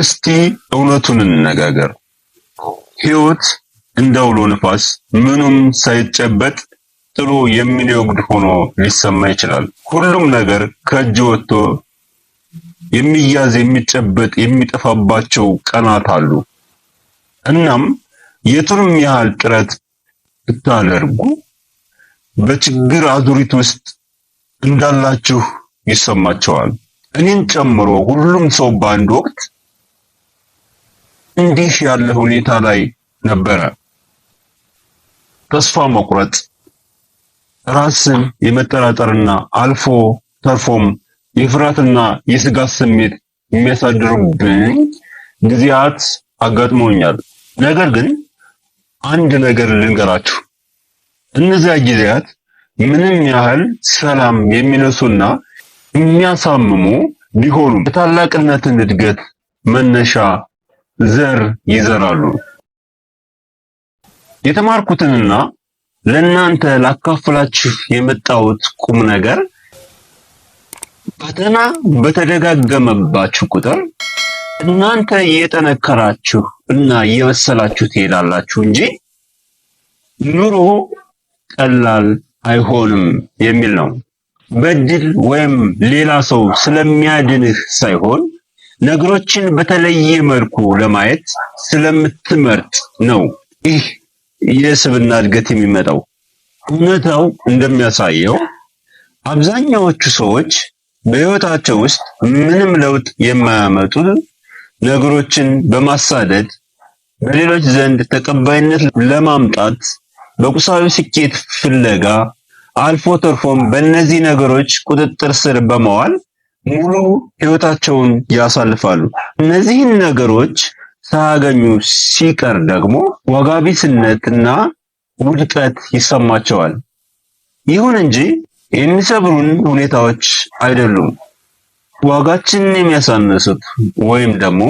እስቲ እውነቱን እንነጋገር። ህይወት እንደውሎ ንፋስ ምኑም ሳይጨበጥ ጥሎ የሚወግድ ሆኖ ሊሰማ ይችላል። ሁሉም ነገር ከእጅ ወጥቶ የሚያዝ የሚጨበጥ የሚጠፋባቸው ቀናት አሉ። እናም የቱንም ያህል ጥረት ብታደርጉ በችግር አዙሪት ውስጥ እንዳላችሁ ይሰማቸዋል። እኔን ጨምሮ ሁሉም ሰው በአንድ ወቅት እንዲህ ያለ ሁኔታ ላይ ነበረ። ተስፋ መቁረጥ፣ ራስን የመጠራጠርና አልፎ ተርፎም የፍርሃትና የስጋት ስሜት የሚያሳድሩብኝ ጊዜያት አጋጥሞኛል። ነገር ግን አንድ ነገር ልንገራችሁ፣ እነዚያ ጊዜያት ምንም ያህል ሰላም የሚነሱና የሚያሳምሙ ቢሆኑም የታላቅነትን እድገት መነሻ ዘር ይዘራሉ። የተማርኩትንና ለእናንተ ላካፍላችሁ የመጣሁት ቁም ነገር ፈተና በተደጋገመባችሁ ቁጥር እናንተ እየጠነከራችሁ እና እየበሰላችሁ ትሄዳላችሁ እንጂ ኑሮ ቀላል አይሆንም የሚል ነው። በድል ወይም ሌላ ሰው ስለሚያድንህ ሳይሆን ነገሮችን በተለየ መልኩ ለማየት ስለምትመርጥ ነው ይህ የስብና እድገት የሚመጣው። እውነታው እንደሚያሳየው አብዛኛዎቹ ሰዎች በህይወታቸው ውስጥ ምንም ለውጥ የማያመጡ ነገሮችን በማሳደድ በሌሎች ዘንድ ተቀባይነት ለማምጣት በቁሳዊ ስኬት ፍለጋ አልፎ ተርፎም በእነዚህ ነገሮች ቁጥጥር ስር በመዋል ሙሉ ህይወታቸውን ያሳልፋሉ። እነዚህን ነገሮች ሳያገኙ ሲቀር ደግሞ ዋጋቢስነትና ውድቀት ይሰማቸዋል። ይሁን እንጂ የሚሰብሩን ሁኔታዎች አይደሉም ዋጋችንን የሚያሳንሱት ወይም ደግሞ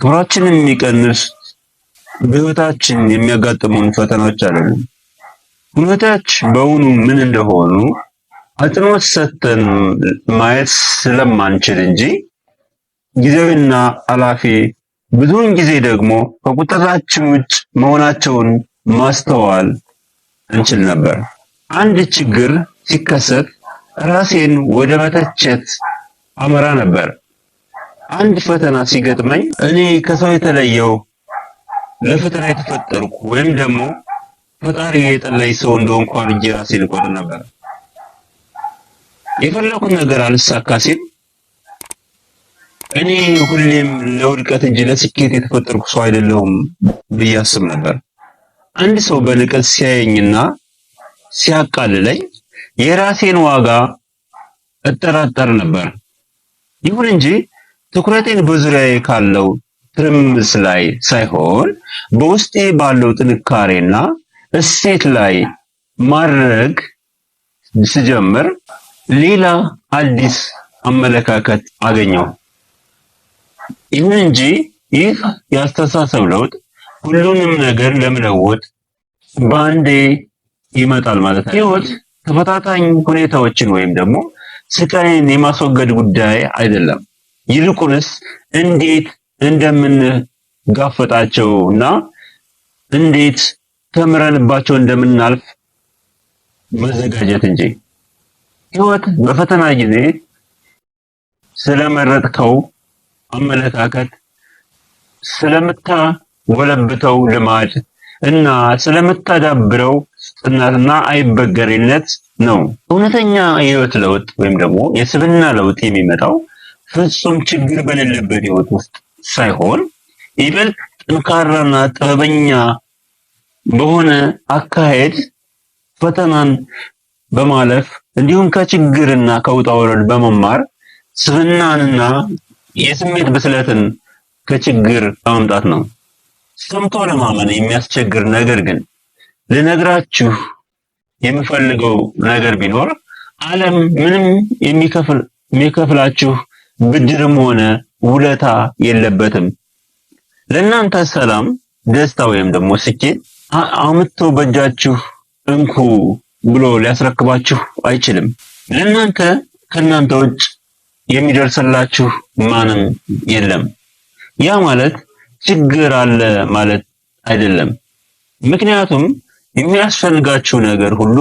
ክብራችንን የሚቀንስ በህይወታችን የሚያጋጥሙን ፈተናዎች አይደሉም። ሁኔታዎች በውኑ ምን እንደሆኑ አጽንኦት ሰጥተን ማየት ስለማንችል እንጂ ጊዜያዊና አላፊ ብዙውን ጊዜ ደግሞ ከቁጥጥራችን ውጭ መሆናቸውን ማስተዋል እንችል ነበር። አንድ ችግር ሲከሰት ራሴን ወደ መተቸት አመራ ነበር። አንድ ፈተና ሲገጥመኝ እኔ ከሰው የተለየው ለፈተና የተፈጠርኩ ወይም ደግሞ ፈጣሪ የጠላይ ሰው እንደሆንኩ አድርጌ ራሴን እቆጥር ነበር። የፈለኩት ነገር አልሳካ ሲል እኔ ሁሌም ለውድቀት እንጂ ለስኬት የተፈጠርኩ ሰው አይደለሁም ብዬ አስብ ነበር። አንድ ሰው በንቀት ሲያየኝና ሲያቃልለኝ የራሴን ዋጋ እጠራጠር ነበር። ይሁን እንጂ ትኩረቴን በዙሪያዬ ካለው ትርምስ ላይ ሳይሆን በውስጤ ባለው ጥንካሬና እሴት ላይ ማድረግ ስጀምር ሌላ አዲስ አመለካከት አገኘሁ። ይሁን እንጂ ይህ የአስተሳሰብ ለውጥ ሁሉንም ነገር ለመለወጥ በአንዴ ይመጣል ማለት ነው። ህይወት ተፈታታኝ ሁኔታዎችን ወይም ደግሞ ስቃይን የማስወገድ ጉዳይ አይደለም። ይልቁንስ እንዴት እንደምንጋፈጣቸው እና እንዴት ተምረንባቸው እንደምናልፍ መዘጋጀት እንጂ ህይወት በፈተና ጊዜ ስለመረጥከው አመለካከት ስለምታወለብተው ልማድ እና ስለምታዳብረው ጽናትና አይበገሬነት ነው። እውነተኛ የህይወት ለውጥ ወይም ደግሞ የስብና ለውጥ የሚመጣው ፍጹም ችግር በሌለበት ህይወት ውስጥ ሳይሆን ይበልጥ ጠንካራና ጥበበኛ በሆነ አካሄድ ፈተናን በማለፍ እንዲሁም ከችግርና ከውጣ ወረድ በመማር ስብናንና የስሜት ብስለትን ከችግር በማምጣት ነው። ሰምቶ ለማመን የሚያስቸግር ነገር ግን ልነግራችሁ የምፈልገው ነገር ቢኖር ዓለም ምንም የሚከፍል የሚከፍላችሁ ብድርም ሆነ ውለታ የለበትም። ለእናንተ ሰላም፣ ደስታ ወይም ደግሞ ስኬት አምጥቶ በእጃችሁ እንኩ ብሎ ሊያስረክባችሁ አይችልም። ለእናንተ ከእናንተ ውጭ የሚደርስላችሁ ማንም የለም። ያ ማለት ችግር አለ ማለት አይደለም። ምክንያቱም የሚያስፈልጋችሁ ነገር ሁሉ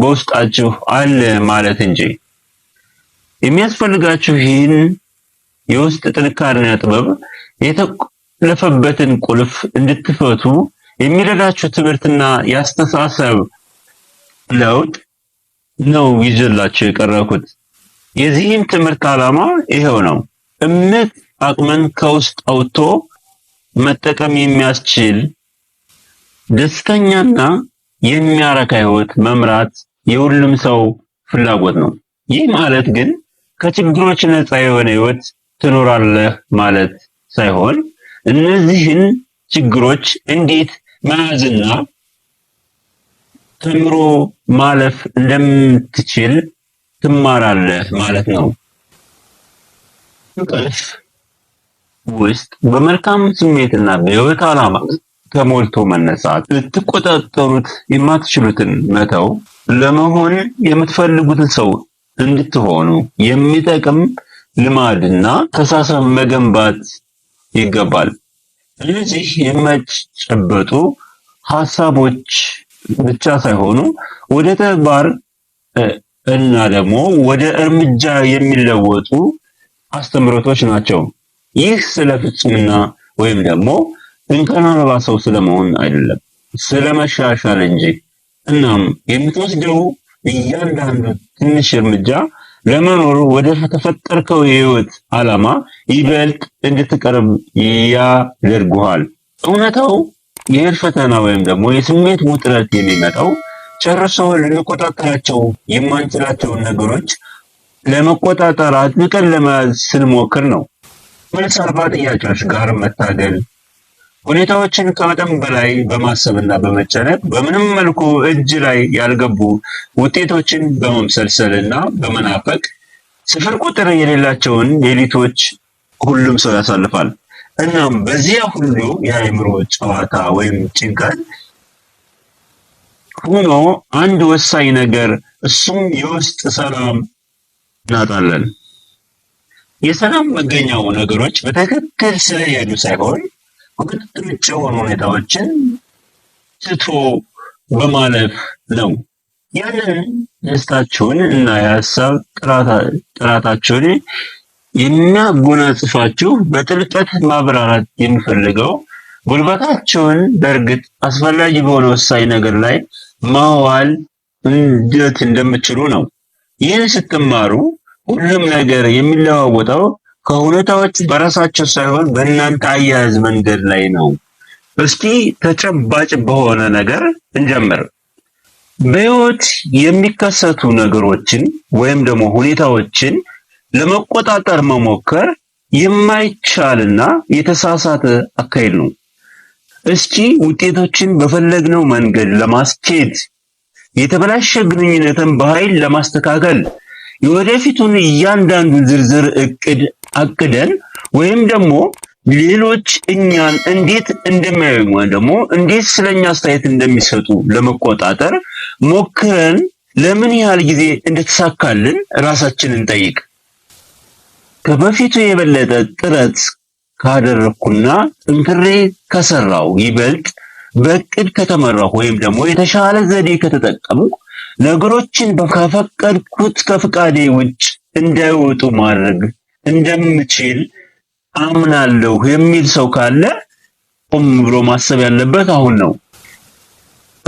በውስጣችሁ አለ ማለት እንጂ የሚያስፈልጋችሁ ይህን የውስጥ ጥንካሬና ጥበብ የተቆለፈበትን ቁልፍ እንድትፈቱ የሚረዳችሁ ትምህርትና የአስተሳሰብ ለውጥ ነው ይዘላቸው የቀረብኩት። የዚህም ትምህርት ዓላማ ይሄው ነው። እምነት አቅመን ከውስጥ አውጥቶ መጠቀም የሚያስችል ደስተኛና የሚያረካ ህይወት መምራት የሁሉም ሰው ፍላጎት ነው። ይህ ማለት ግን ከችግሮች ነፃ የሆነ ህይወት ትኖራለህ ማለት ሳይሆን እነዚህን ችግሮች እንዴት መያዝና ተምሮ ማለፍ እንደምትችል ትማራለህ ማለት ነው። እንቅልፍ ውስጥ በመልካም ስሜትና በህይወት ዓላማ ተሞልቶ መነሳት፣ ልትቆጣጠሩት የማትችሉትን መተው፣ ለመሆን የምትፈልጉትን ሰው እንድትሆኑ የሚጠቅም ልማድና አስተሳሰብ መገንባት ይገባል። እነዚህ የማይጨበጡ ሀሳቦች ብቻ ሳይሆኑ ወደ ተግባር እና ደግሞ ወደ እርምጃ የሚለወጡ አስተምህሮቶች ናቸው። ይህ ስለ ፍጹምና ወይም ደግሞ እንከን አልባ ሰው ስለመሆን አይደለም፣ ስለ መሻሻል እንጂ። እናም የምትወስደው እያንዳንዱ ትንሽ እርምጃ ለመኖር ወደ ተፈጠርከው የህይወት ዓላማ ይበልጥ እንድትቀርብ ያደርጉሃል። እውነታው የእር ፈተና ወይም ደግሞ የስሜት ውጥረት የሚመጣው ጨርሰው ልንቆጣጠራቸው የማንችላቸውን ነገሮች ለመቆጣጠር አጥብቀን ለመያዝ ስንሞክር ነው። መልስ አልባ ጥያቄዎች ጋር መታገል ሁኔታዎችን ከመጠን በላይ በማሰብና በመጨነቅ በምንም መልኩ እጅ ላይ ያልገቡ ውጤቶችን በመምሰልሰልና በመናፈቅ ስፍር ቁጥር የሌላቸውን ሌሊቶች ሁሉም ሰው ያሳልፋል። እናም በዚያ ሁሉ የአእምሮ ጨዋታ ወይም ጭንቀት ሆኖ አንድ ወሳኝ ነገር እሱም የውስጥ ሰላም እናጣለን። የሰላም መገኛው ነገሮች በትክክል ስለሄዱ ሳይሆን ከቁጥጥር ውጭ የሆኑ ሁኔታዎችን ትቶ በማለፍ ነው። ያንን ደስታችሁን እና የሀሳብ ጥራታችሁን የሚያጎናጽፋችሁ በጥልቀት ማብራራት የሚፈልገው ጉልበታችሁን በእርግጥ አስፈላጊ በሆነ ወሳኝ ነገር ላይ ማዋል እንዴት እንደምችሉ ነው። ይህን ስትማሩ ሁሉም ነገር የሚለዋወጠው ከሁኔታዎች በራሳቸው ሳይሆን በእናንተ አያያዝ መንገድ ላይ ነው። እስኪ ተጨባጭ በሆነ ነገር እንጀምር። በሕይወት የሚከሰቱ ነገሮችን ወይም ደግሞ ሁኔታዎችን ለመቆጣጠር መሞከር የማይቻልና የተሳሳተ አካሄድ ነው። እስኪ ውጤቶችን በፈለግነው መንገድ ለማስኬድ የተበላሸ ግንኙነትን በኃይል ለማስተካከል የወደፊቱን እያንዳንዱን ዝርዝር እቅድ አቅደን ወይም ደግሞ ሌሎች እኛን እንዴት እንደሚያዩ ወይም ደግሞ እንዴት ስለኛ አስተያየት እንደሚሰጡ ለመቆጣጠር ሞክረን ለምን ያህል ጊዜ እንደተሳካልን ራሳችንን ጠይቅ። ከበፊቱ የበለጠ ጥረት ካደረግኩና ጥንክሬ ከሰራው ይበልጥ በእቅድ ከተመራሁ ወይም ደግሞ የተሻለ ዘዴ ከተጠቀሙ ነገሮችን ከፈቀድኩት ከፍቃዴ ውጭ እንዳይወጡ ማድረግ እንደምችል አምናለሁ የሚል ሰው ካለ ቆም ብሎ ማሰብ ያለበት አሁን ነው።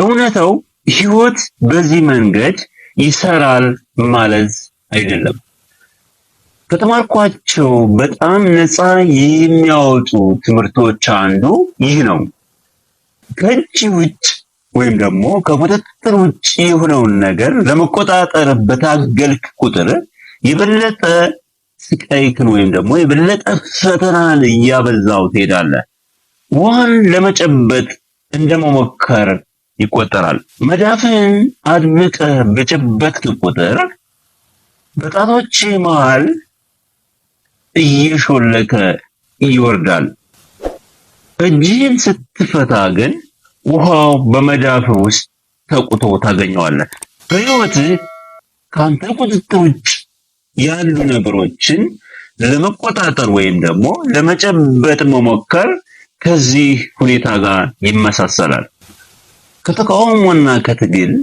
እውነታው ህይወት በዚህ መንገድ ይሰራል ማለት አይደለም። ከተማርኳቸው በጣም ነፃ የሚያወጡ ትምህርቶች አንዱ ይህ ነው። ከእጅ ውጭ ወይም ደግሞ ከቁጥጥር ውጭ የሆነውን ነገር ለመቆጣጠር በታገልክ ቁጥር የበለጠ ስቃይክን ወይም ደግሞ የበለጠ ፈተናን እያበዛው ትሄዳለህ። ውሃን ለመጨበጥ እንደመሞከር ይቆጠራል። መዳፍን አድምቀህ በጨበጥክ ቁጥር በጣቶች መሃል እየሾለከ ይወርዳል። እጅህን ስትፈታ ግን ውሃው በመዳፍ ውስጥ ተቁቶ ታገኘዋለህ። በሕይወትህ ከአንተ ቁጥጥር ውጭ ያሉ ነገሮችን ለመቆጣጠር ወይም ደግሞ ለመጨበጥ መሞከር ከዚህ ሁኔታ ጋር ይመሳሰላል። ከተቃውሞና ከትግል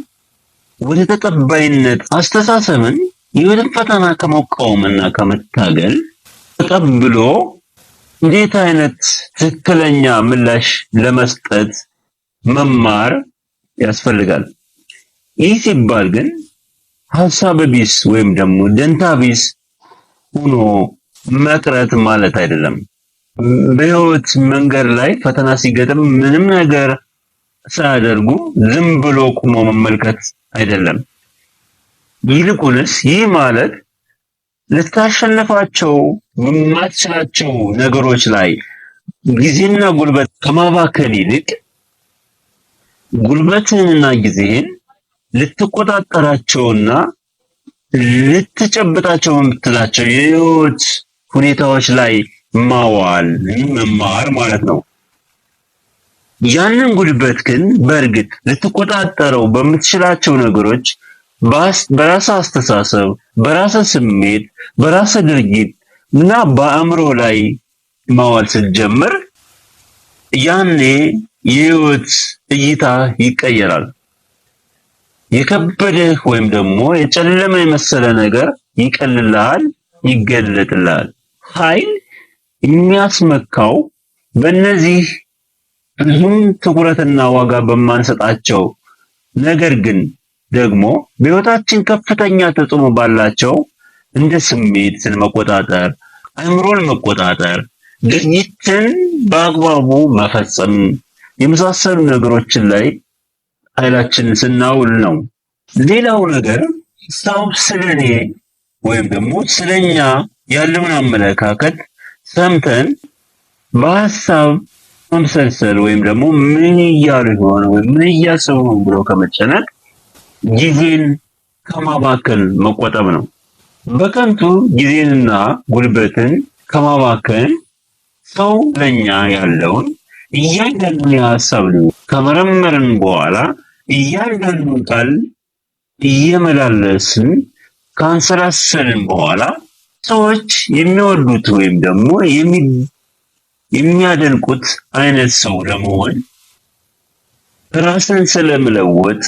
ወደ ተቀባይነት አስተሳሰብን የህይወትን ፈተና ከመቃወምና ከመታገል ተቀብሎ እንዴት አይነት ትክክለኛ ምላሽ ለመስጠት መማር ያስፈልጋል። ይህ ሲባል ግን ሀሳብ ቢስ ወይም ደግሞ ደንታ ቢስ ሆኖ መቅረት ማለት አይደለም። በህይወት መንገድ ላይ ፈተና ሲገጥም ምንም ነገር ሳያደርጉ ዝም ብሎ ቆሞ መመልከት አይደለም። ይልቁንስ ይህ ማለት ልታሸነፋቸው? በማትችላቸው ነገሮች ላይ ጊዜና ጉልበት ከማባከል ይልቅ ጉልበትንና ጊዜን ልትቆጣጠራቸውና ልትጨብጣቸው የምትላቸው የህይወት ሁኔታዎች ላይ ማዋል መማር ማለት ነው። ያንን ጉልበት ግን በእርግጥ ልትቆጣጠረው በምትችላቸው ነገሮች በራስ አስተሳሰብ፣ በራስ ስሜት፣ በራስ ድርጊት እና በአእምሮ ላይ ማዋል ስትጀምር ያኔ የህይወት እይታ ይቀየራል። የከበደህ ወይም ደግሞ የጨለመ የመሰለ ነገር ይቀልልሃል፣ ይገለጥልሃል። ኃይል የሚያስመካው በእነዚህ ብዙም ትኩረትና ዋጋ በማንሰጣቸው ነገር ግን ደግሞ በህይወታችን ከፍተኛ ተጽዕኖ ባላቸው እንደ ስሜትን መቆጣጠር፣ አእምሮን መቆጣጠር፣ ግኝትን በአግባቡ መፈጸም የመሳሰሉ ነገሮችን ላይ ኃይላችንን ስናውል ነው። ሌላው ነገር ሰው ስለኔ ወይም ደግሞ ስለኛ ያለውን አመለካከት ሰምተን በሀሳብ መምሰልሰል ወይም ደግሞ ምን እያሉ የሆነ ወይም ምን እያሰቡ ብሎ ከመጨነቅ ጊዜን ከማባከል መቆጠብ ነው። በከንቱ ጊዜንና ጉልበትን ከማባከን ሰው ለኛ ያለውን እያንዳንዱን የሀሳብ ከመረመርን በኋላ እያንዳንዱን ቃል እየመላለስን ካንሰላሰልን በኋላ ሰዎች የሚወዱት ወይም ደግሞ የሚያደንቁት አይነት ሰው ለመሆን ራስን ስለመለወጥ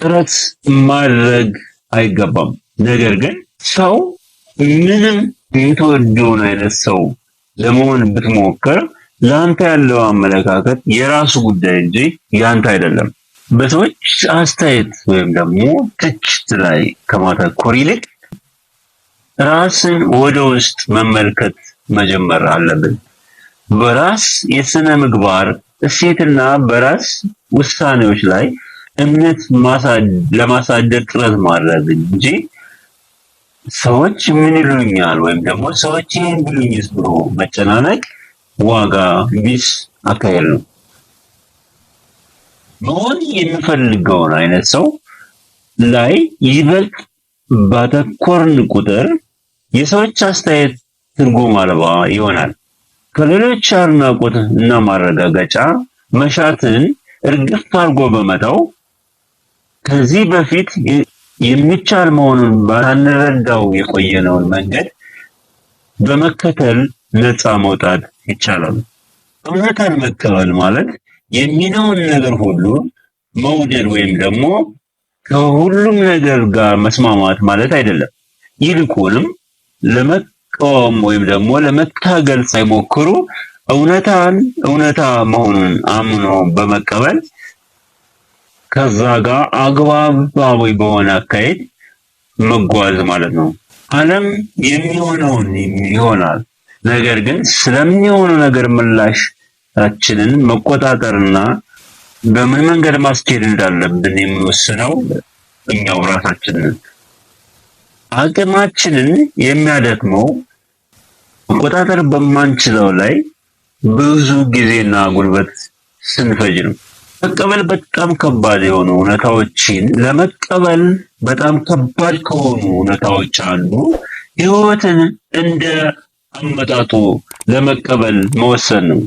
ጥረት ማድረግ አይገባም። ነገር ግን ሰው ምንም የተወደውን አይነት ሰው ለመሆን ብትሞክር ለአንተ ያለው አመለካከት የራሱ ጉዳይ እንጂ ያንተ አይደለም። በሰዎች አስተያየት ወይም ደግሞ ትችት ላይ ከማተኮር ይልቅ ራስን ወደ ውስጥ መመልከት መጀመር አለብን። በራስ የስነ ምግባር እሴትና በራስ ውሳኔዎች ላይ እምነት ለማሳደግ ጥረት ማድረግ እንጂ ሰዎች ምን ይሉኛል ወይም ደግሞ ሰዎች ይህን ብሉኝስ ብሎ መጨናነቅ ዋጋ ቢስ አካሄድ ነው። መሆን የሚፈልገውን አይነት ሰው ላይ ይበልጥ ባተኮርን ቁጥር የሰዎች አስተያየት ትርጉም አልባ ይሆናል። ከሌሎች አድናቆት እና ማረጋገጫ መሻትን እርግፍ አድርጎ በመተው ከዚህ በፊት የሚቻል መሆኑን ባንረዳው የቆየነውን መንገድ በመከተል ነፃ መውጣት ይቻላል። እውነታን መቀበል ማለት የሚለውን ነገር ሁሉ መውደድ ወይም ደግሞ ከሁሉም ነገር ጋር መስማማት ማለት አይደለም። ይልቁንም ለመቃወም ወይም ደግሞ ለመታገል ሳይሞክሩ እውነታን እውነታ መሆኑን አምኖ በመቀበል ከዛ ጋር አግባባዊ በሆነ አካሄድ መጓዝ ማለት ነው። ዓለም የሚሆነውን ይሆናል። ነገር ግን ስለሚሆነው ነገር ምላሽችንን መቆጣጠርና በምን መንገድ ማስኬድ እንዳለብን የምንወስነው እኛው ራሳችንን። አቅማችንን የሚያደክመው መቆጣጠር በማንችለው ላይ ብዙ ጊዜና ጉልበት ስንፈጅ ነው። መቀበል በጣም ከባድ የሆኑ እውነታዎችን ለመቀበል በጣም ከባድ ከሆኑ እውነታዎች አንዱ ህይወትን እንደ አመጣጡ ለመቀበል መወሰን ነው።